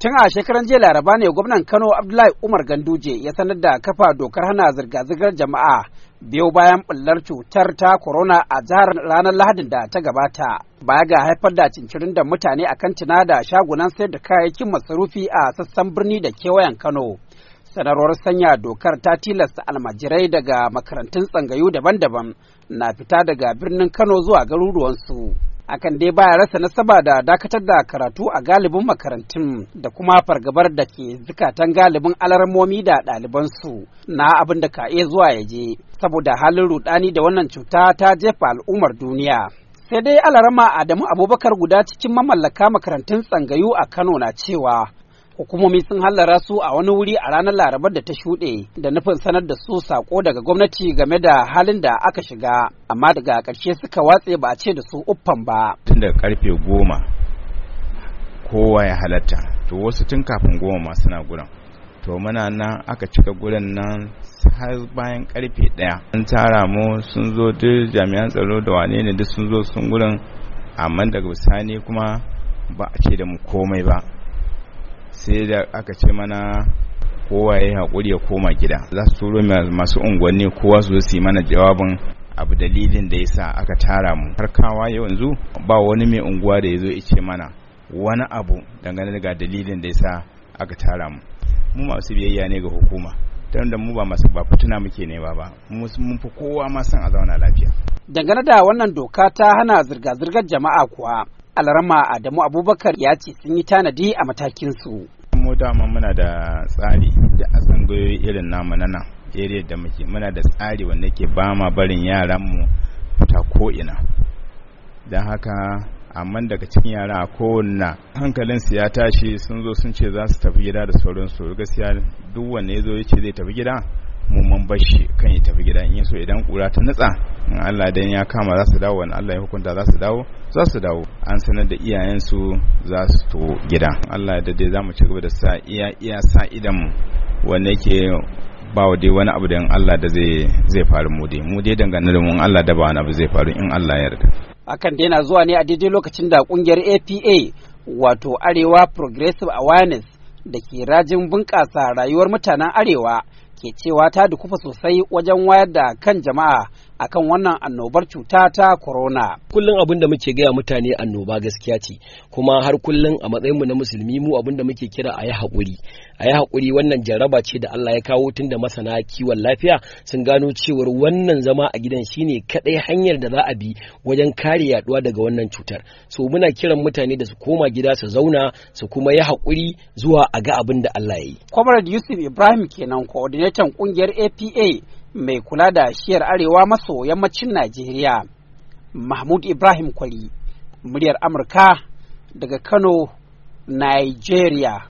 Tun a shekaran jiya laraba ne gwamnan Kano Abdullahi Umar Ganduje ya sanar da kafa dokar hana zirga-zirgar jama'a biyo bayan bullar cutar ta corona a jihar ranar Lahadin da ta gabata. Baya ga haifar da cincirin da mutane a kantina da shagunan sayar da kayayyakin masarufi a sassan birni da kewayen Kano. sanarwar sanya dokar ta tilasta almajirai daga makarantun tsangayu daban-daban na fita daga birnin Kano zuwa garuruwansu. akan dai baya rasa nasaba da dakatar da karatu a galibin makarantun da kuma fargabar da ke zukatan galibin alarmomi da ɗalibansu na abin da ka iya zuwa ya je saboda halin rudani da wannan cuta ta jefa al'ummar duniya sai dai alarama adamu abubakar guda cikin mamallaka makarantun tsangayu a kano na cewa hukumomi sun hallara su a wani wuri a ranar larabar da ta shuɗe da nufin sanar da su sako daga gwamnati game da halin da aka shiga amma daga ƙarshe suka watse ba a ce da su uffan ba tun daga karfe goma kowa ya halatta to wasu tun kafin goma ma suna gurin to muna nan aka cika gurin nan har bayan karfe ɗaya an tara mu sun zo duk jami'an tsaro da wane ne duk sun zo sun gurin amma daga bisani kuma ba a ce da mu komai ba sai da aka ce mana kowa ya yi haƙuri ya koma gida za su turo masu unguwanni kowa su yi mana jawabin abu dalilin da yasa aka tara mu farkawa yanzu ba wani mai unguwa da ya zo ya ce mana wani abu dangane da dalilin da yasa aka tara mu mu masu biyayya ne ga hukuma don da mu ba masu ba fituna muke ne ba ba mun fi kowa ma san a zauna lafiya dangane da wannan doka ta hana zirga-zirgar jama'a kuwa alarama Adamu Abubakar ya ce sun yi tanadi a matakin su. Mu dama muna da tsari da goyo irin namu na nan area da muke muna da tsari wanda ke ba ma barin yaran mu fita ko ina. Don haka amma daga cikin yara a kowanne hankalinsu ya tashi sun zo sun ce za su tafi gida da sauransu gaskiya duk wanda ya zo ya ce zai tafi gida mu mun bar kan ya tafi gida in so idan kura ta nutsa in Allah dan ya kama za su dawo wani Allah ya hukunta za su dawo za su dawo an sanar da iyayensu za su to gida Allah da dai za mu ci gaba da sa iya iya sa idan mu wanda yake ba dai wani abu da in Allah da zai zai faru mu dai mu dai dangane da mu in Allah da ba wani abu zai faru in Allah ya yarda akan dai na zuwa ne a daidai lokacin da kungiyar APA wato Arewa Progressive Awareness da ke rajin bunƙasa rayuwar mutanen Arewa ke cewa ta dukufa sosai wajen wayar da kan jama'a akan wannan annobar cuta ta corona. Kullum abin da muke gaya mutane annoba gaskiya ce kuma har kullum a matsayinmu na musulmi mu abin da muke kira a yi haƙuri. A yi haƙuri wannan jaraba ce da Allah ya kawo tun da masana kiwon lafiya sun gano cewar wannan zama a gidan shine kaɗai hanyar da za a bi wajen kare yaɗuwa daga wannan cutar. So muna kiran mutane da su koma gida su zauna su kuma yi haƙuri zuwa a ga abin da Allah ya yi. Comrade Yusuf Ibrahim kenan coordinator ƙungiyar APA mai kula da shiyar arewa maso yammacin Najeriya, Mahmud Ibrahim Kwali, muryar Amurka daga Kano, Nigeria.